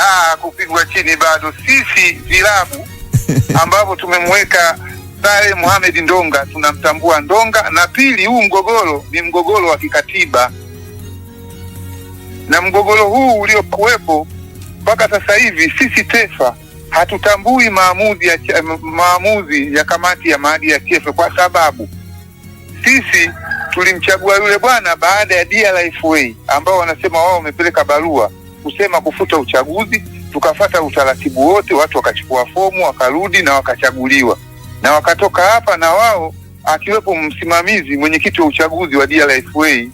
aa, kupigwa chini bado. Sisi vilabu ambavyo tumemweka Saleh Mohamed Ndonga tunamtambua Ndonga, na pili, huu mgogoro ni mgogoro wa kikatiba, na mgogoro huu uliokuwepo mpaka sasa hivi sisi TEFA hatutambui maamuzi ya, maamuzi ya kamati ya maadili ya TEFA kwa sababu sisi tulimchagua yule bwana baada ya DRFA ambao wanasema wao wamepeleka barua kusema kufuta uchaguzi, tukafata utaratibu wote, watu wakachukua fomu wakarudi na wakachaguliwa, na wakatoka hapa na wao akiwepo msimamizi mwenyekiti wa uchaguzi wa DRFA.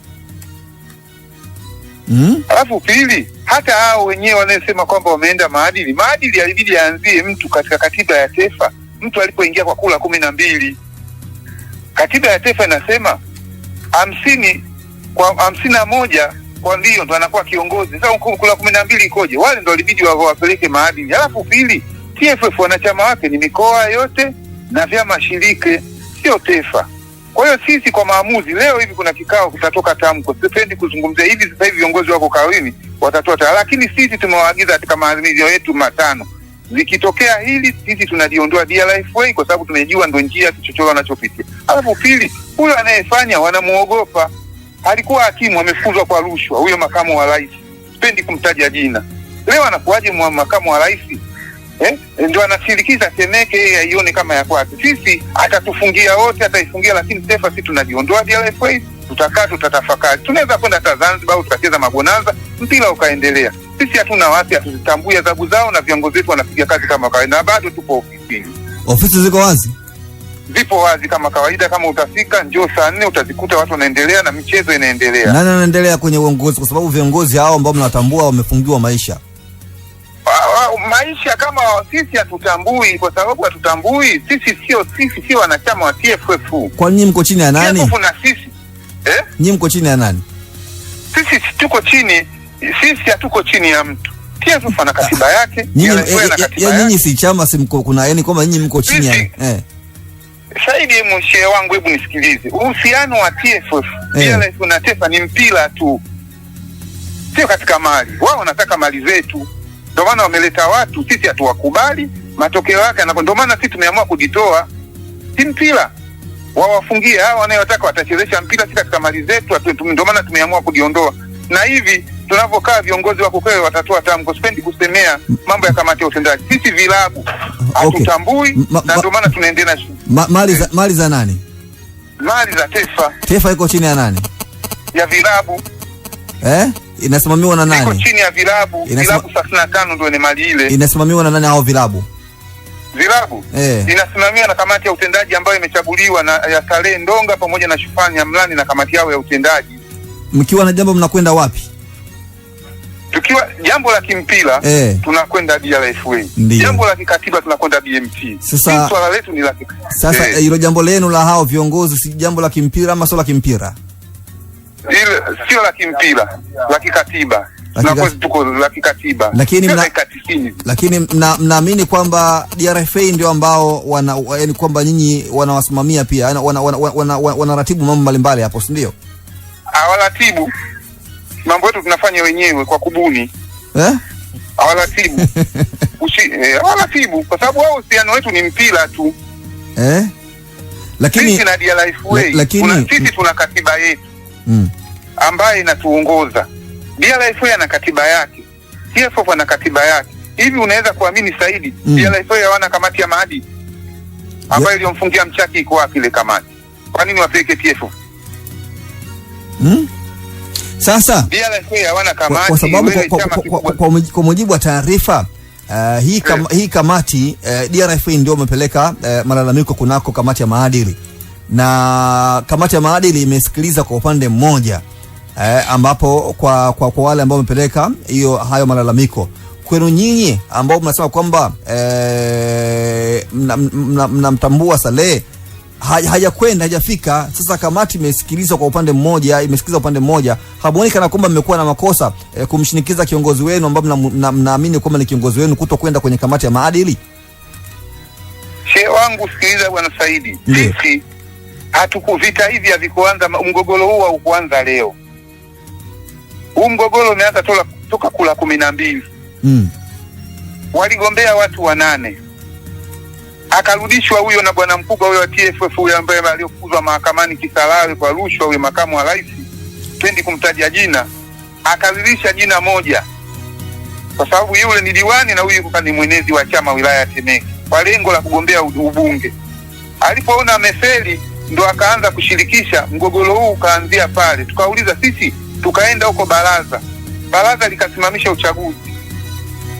Mm. Alafu pili, hata hao wenyewe wanayesema kwamba wameenda maadili, maadili alibidi yaanzie mtu katika katiba ya tefa mtu alipoingia kwa kula kumi na mbili. Katiba ya tefa inasema hamsini kwa hamsini na moja kwa ndio ndo anakuwa kiongozi. Sasa huko kula kumi na mbili ikoje? Wale ndo walibidi wawapeleke maadili. Halafu pili, TFF wanachama wake ni mikoa yote na vyama shirike, sio TEFA. Kwa hiyo sisi kwa maamuzi leo hivi kuna kikao kitatoka tamko, sipendi kuzungumzia hivi sasa hivi. Viongozi wako kawini watatoa ta, lakini sisi tumewaagiza katika maazimio yetu matano, zikitokea hili sisi tunajiondoa DRFA kwa sababu tumejua ndo njia kichochoro wanachopitia. Alafu pili, huyo anayefanya wanamuogopa alikuwa hakimu amefuzwa kwa rushwa, huyo makamu wa rais, sipendi kumtaja jina. Leo anakuaje makamu wa rais eh? Ndio anasirikiza Temeke, yeye aione kama ya kwake. Sisi atatufungia wote, ataifungia, lakini Tefa si tunajiondoa DRFA, tutakaa tutatafakari, tunaweza kwenda hata Zanzibar au tutacheza mabonanza, mpira ukaendelea. Sisi hatuna wasi, hatuzitambui adhabu zao, na viongozi wetu wanapiga kazi kama kawaida, na bado tupo ofisini. Ofisi ziko wazi vipo wazi kama kawaida. Kama utafika njoo saa nne utazikuta watu wanaendelea na michezo inaendelea. Nani anaendelea kwenye uongozi? Kwa sababu viongozi hao ambao mnatambua wamefungiwa maisha maisha kama sisi hatutambui, kwa sababu hatutambui sisi, sio sisi sio wanachama wa TFF. Kwa nini mko chini ya nani? TFF na sisi eh, nyinyi mko chini ya nani? Sisi tuko chini, sisi hatuko chini ya mtu. TFF ana katiba ah, ah. yake, nyinyi eh, eh, si chama, si mko kuna, yani kama nyinyi mko chini ya eh Saidi, hebu mshee wangu, hebu nisikilize. Uhusiano wa TFF yeah, na TFF ni mpira tu, sio katika mali. Wao wanataka mali zetu, ndio maana wameleta watu, sisi hatuwakubali. Matokeo yake ndio maana sisi tumeamua kujitoa. Si mpira wawafungie hao wanayotaka, watachezesha mpira, si katika mali zetu, ndio maana tumeamua kujiondoa na hivi tunavyokaa viongozi wa kukwewe watatoa tamko. Sipendi kusemea mambo ya kamati ya utendaji, sisi vilabu hatutambui okay. na ndio maana tunaendelea na ma, mali za, mali za nani? Mali za TEFA. TEFA iko chini ya nani? Ya vilabu eh? Inasimamiwa na nani? Iko chini ya vilabu. Inasima... vilabu 35 ndio ni mali ile. Inasimamiwa na nani hao vilabu? Vilabu eh, inasimamiwa na kamati ya utendaji ambayo imechaguliwa na ya Saleh Ndonga pamoja na Shufani Amlani na kamati yao ya utendaji. Mkiwa na jambo mnakwenda wapi? tukiwa jambo la kimpira eh, tunakwenda DRFA, jambo la kikatiba tunakwenda BMT. Sasa swala letu ni la sasa eh. hilo eh, jambo lenu la hao viongozi si jambo la kimpira ama sio la kimpira? Sio la kimpira, la kikatiba kikatiba lakini mna, lakini mnaamini kwamba DRFA ndio ambao wana yaani kwamba nyinyi wanawasimamia pia wanaratibu wana, wana, wana, wana mambo mbalimbali hapo, si ndio? Hawaratibu mambo yetu tunafanya wenyewe kwa kubuni eh? Hawaratibu hawaratibu eh, kwa sababu wao uhusiano wetu ni mpira tu eh? Lakini sisi na DRFA lakini, kuna, sisi tuna katiba yetu mm, ambayo inatuongoza way ana katiba yake, TFF ana katiba yake. Hivi unaweza kuamini Saidi, mm, way hawana kamati ya maadili ambayo yeah, iliyomfungia mchaki iko wapi ile kamati? Kwa nini wapeleke TFF? Mm? Sasa kwa sababu kwa mujibu wa taarifa Uh, hii, kam, hmm. hii kamati uh, eh, DRF ndio umepeleka uh, eh, malalamiko kunako kamati ya maadili na kamati ya maadili imesikiliza kwa upande mmoja uh, ambapo kwa, kwa, kwa wale ambao wamepeleka hiyo hayo malalamiko kwenu nyinyi ambao mnasema kwamba uh, mnamtambua mna, mna Saleh hajakwenda hajafika. Sasa kamati imesikilizwa kwa upande mmoja, imesikiliza upande mmoja, hamuoni kana kwamba mmekuwa na makosa e, kumshinikiza kiongozi wenu ambao mnaamini kwamba ni kiongozi wenu kuto kwenda kwenye kamati ya maadili? Shehe wangu, sikiliza bwana Saidi, sisi vita hivi, havikuanza mgogoro huu, haukuanza leo. Huu mgogoro umeanza toka kula kumi na mbili. Mm. Waligombea watu wanane akarudishwa huyo na bwana mkubwa huyo wa TFF huyo ambaye aliyofukuzwa mahakamani kisalawi kwa rushwa, huyo makamu wa rais, pendi kumtaja jina, akarudisha jina moja, kwa sababu yule ni diwani na huyu ni mwenezi wa chama wilaya ya Temeke kwa lengo la kugombea ubunge. Alipoona amefeli, ndo akaanza kushirikisha. Mgogoro huu ukaanzia pale, tukauliza sisi, tukaenda huko baraza, baraza likasimamisha uchaguzi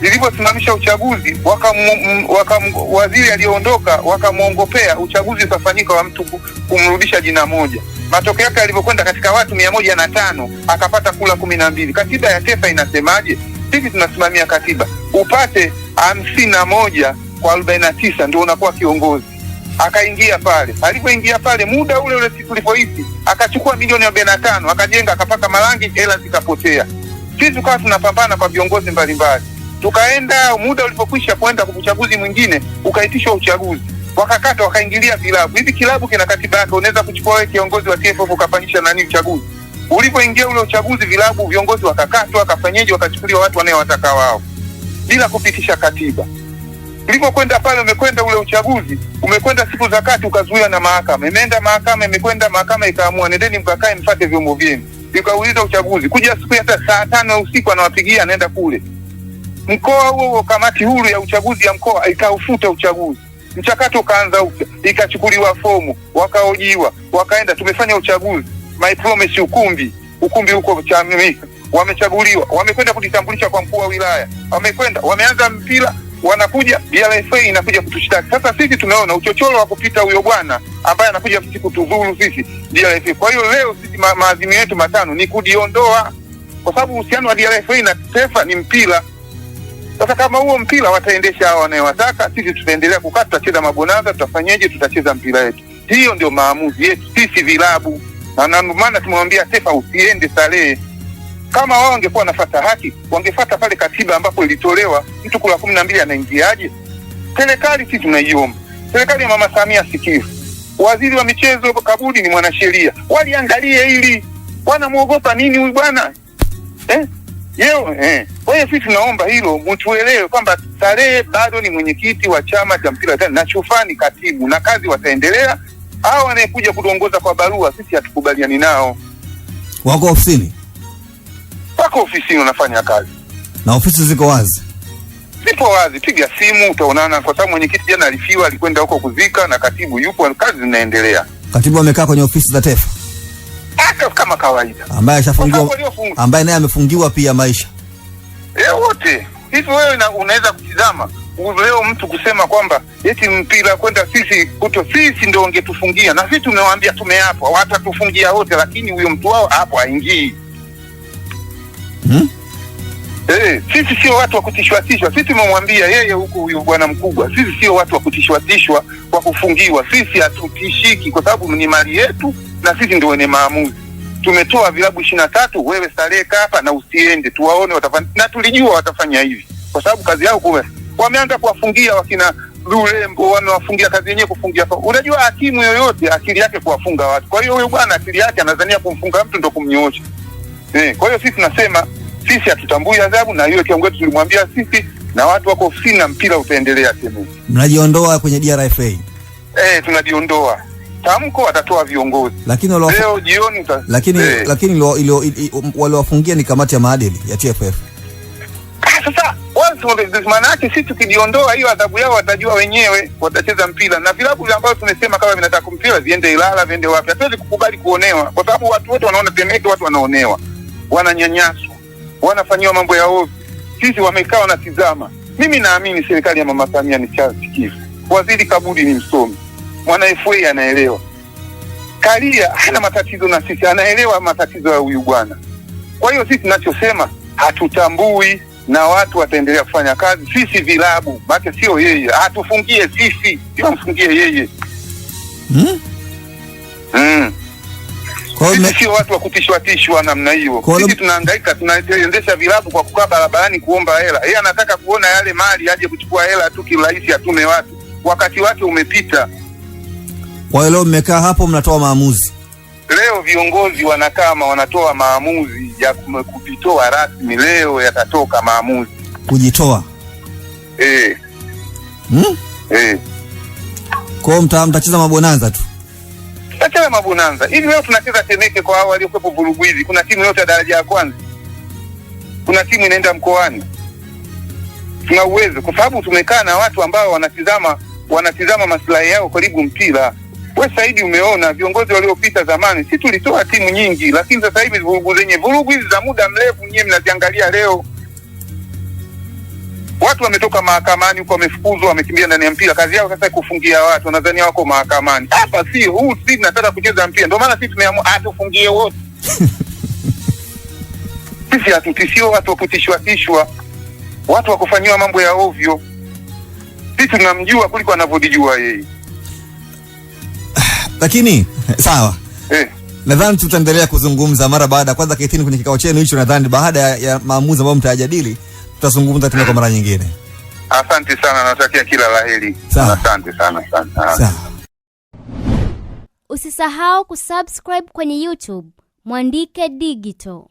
lilivyosimamisha uchaguzi waka mu, waka waziri aliyoondoka wakamwongopea uchaguzi ukafanyika wa mtu kumrudisha jina moja. Matokeo yake alivyokwenda katika watu mia moja na tano akapata kula kumi na mbili. Katiba ya tefa inasemaje? Sisi tunasimamia katiba, upate hamsini na moja kwa arobaini na tisa ndio unakuwa kiongozi. Akaingia pale, alivyoingia pale muda ule ule tulipoishi, akachukua milioni arobaini na tano akajenga akapaka marangi, hela zikapotea. Sisi tukawa tunapambana kwa viongozi mbalimbali Tukaenda, muda ulipokwisha kwenda kwa uchaguzi mwingine, ukaitishwa uchaguzi, wakakata wakaingilia vilabu hivi. Kilabu kina katiba yake, unaweza kuchukua wewe kiongozi wa TFF ukafanyisha nani uchaguzi. Ulipoingia ule uchaguzi, vilabu viongozi wakakatwa, wakafanyeje, wakachukuliwa watu wanayewataka wao bila kupitisha katiba. Ulipokwenda pale, umekwenda ule uchaguzi, umekwenda siku za kati, ukazuiwa na mahakama. Imeenda mahakama, imekwenda mahakama, ikaamua nendeni mkakae, mfate vyombo vyenu, ikauliza uchaguzi kuja siku ya saa tano ya usiku, anawapigia anaenda kule mkoa huo huo kamati huru ya uchaguzi ya mkoa ikaufuta uchaguzi, mchakato ukaanza upya, ikachukuliwa fomu, wakaojiwa, wakaenda, tumefanya uchaguzi my promise, ukumbi ukumbi huko Chamika, wamechaguliwa, wamekwenda kujitambulisha kwa mkuu wa wilaya, wamekwenda wameanza mpira wanakuja BRFA inakuja kutushtaki. Sasa sisi tunaona uchochoro wa kupita huyo bwana ambaye anakuja sisi kutudhuru sisi DRFA. Kwa hiyo leo sisi ma maazimio yetu matano ni kujiondoa, kwa sababu uhusiano wa DRFA na TEFA ni mpira. Sasa kama huo mpira wataendesha hao wanayewataka, sisi tutaendelea kukaa, tutacheza mabonanza, tutafanyeje? Tutacheza mpira wetu. Hiyo ndio maamuzi yetu sisi vilabu, na ndio maana tumemwambia Sefa usiende Salehe. Kama wao wangekuwa wanafata haki, wangefata pale katiba ambapo ilitolewa mtu kula kumi na mbili anaingiaje? Serikali sisi tunaiomba serikali ya Mama Samia sikivu, waziri wa michezo Kabudi ni mwanasheria, waliangalie hili. Wanamwogopa nini huyu bwana eh? eh. Kwa sisi tunaomba hilo mtuelewe kwamba Salehe bado ni mwenyekiti wa chama cha mpira Tanzania na Chufani katibu, na kazi wataendelea. Hao wanayekuja kutuongoza kwa barua, sisi hatukubaliani nao. Wako ofisini, wako ofisini wanafanya kazi, na ofisi ziko wazi zipo wazi, piga simu utaonana, kwa sababu mwenyekiti jana alifiwa, alikwenda huko kuzika, na katibu yupo, kazi zinaendelea. Katibu amekaa kwenye ofisi za TEFA kama kawaida, ambaye ashafungiwa amefungwa, ambaye naye amefungiwa pia maisha ya eh, wote. Hivi wewe unaweza kutizama leo mtu kusema kwamba eti mpira kwenda sisi kuto sisi ndio ungetufungia, na sisi tumewaambia tumeapa watatufungia wote, lakini huyo mtu wao hapo haingii. Hmm? Eh, sisi sio watu wa tishwa Sisi tumemwambia yeye huko huyo bwana mkubwa, sisi sio watu wa tishwa kwa kufungiwa. Sisi hatutishiki kwa sababu ni mali yetu na sisi ndio wenye maamuzi tumetoa vilabu ishirini na tatu, wewe starehe kapa na usiende, tuwaone watafanya, na tulijua watafanya hivi, kwa sababu kazi yao kubwa. Wameanza kuwafungia wakina lurembo wamewafungia kazi yenyewe kufungia. Unajua hakimu yoyote akili yake kuwafunga watu, kwa hiyo huyu bwana akili yake anazania kumfunga mtu ndo kumnyoosha eh. Kwa hiyo sisi tunasema sisi hatutambui adhabu, na hiyo kiongozi tulimwambia sisi na watu wako ofisini na mpira utaendelea. sehemu Mnajiondoa kwenye DRFA? Eh, tunajiondoa tamko watatoa viongozi lakini walo leo jioni ta... lakini eh. lakini waliowafungia ni kamati ya maadili ya TFF. Ah, sasa maana yake sisi tukijiondoa hiyo adhabu yao watajua wenyewe, watacheza mpira na vilabu ambavyo tumesema kama vinataka kumpira viende Ilala, viende wapi. Hatuwezi kukubali kuonewa, kwa sababu watu wote wanaona Temeke, watu wanaonewa, wananyanyaswa, wanafanyiwa mambo ya ovyo. Sisi wamekaa wanatizama. Mimi naamini serikali ya Mama Samia ni sikivu, waziri Kabudi ni msomi mwana FA anaelewa. Karia hana matatizo na sisi, anaelewa matatizo ya huyu bwana. Kwa hiyo sisi tunachosema hatutambui, na watu wataendelea kufanya kazi. Sisi vilabu make sio yeye, hatufungie sisi, tunamfungie yeye hmm? Mm. Sisi sio watu wa kutishwatishwa namna hiyo. Sisi tunahangaika, tunaendesha vilabu kwa kukaa barabarani kuomba hela. Yeye anataka kuona yale mali, aje kuchukua hela tu kirahisi, atume watu. Wakati wake umepita. Kwa hiyo leo mmekaa hapo mnatoa maamuzi. Leo viongozi wanakama wanatoa maamuzi ya kujitoa rasmi, leo yatatoka maamuzi kujitoa e. Hmm? E. Kwa hiyo mta, mtacheza mabonanza tu tutacheza mabonanza hivi. Leo tunacheza Temeke kwa hao waliokwepo vurugu hizi. Kuna timu yote ya daraja ya kwanza, kuna timu inaenda mkoani. Tuna uwezo kwa sababu tumekaa na watu ambao wanatizama wanatizama maslahi yao karibu mpira we Saidi, umeona viongozi waliopita zamani, si tulitoa timu nyingi, lakini sasa hivi vurugu zenye vurugu hizi za muda mrefu nyewe mnaziangalia leo. Watu wametoka mahakamani huko, wamefukuzwa, wamekimbia ndani ya mpira. Kazi yao sasa kufungia watu, nadhani wako mahakamani. Hapa si huu, si tunataka kucheza mpira, ndio maana sisi tumeamua atufungie ah, wote sisi hatutishiwa watu tishwa, watu wakufanyiwa mambo ya ovyo. Sisi tunamjua kuliko anavyojijua yeye. Lakini sawa eh. Nadhani tutaendelea kuzungumza mara baada kwanza kitini kwenye kikao chenu hicho. Nadhani baada ya, ya maamuzi ambayo mtayajadili tutazungumza tena kwa mara nyingine. Asante sana, natakia kila la Asante sana, sana. Usisahau kusubscribe kwenye YouTube Mwandike Digital.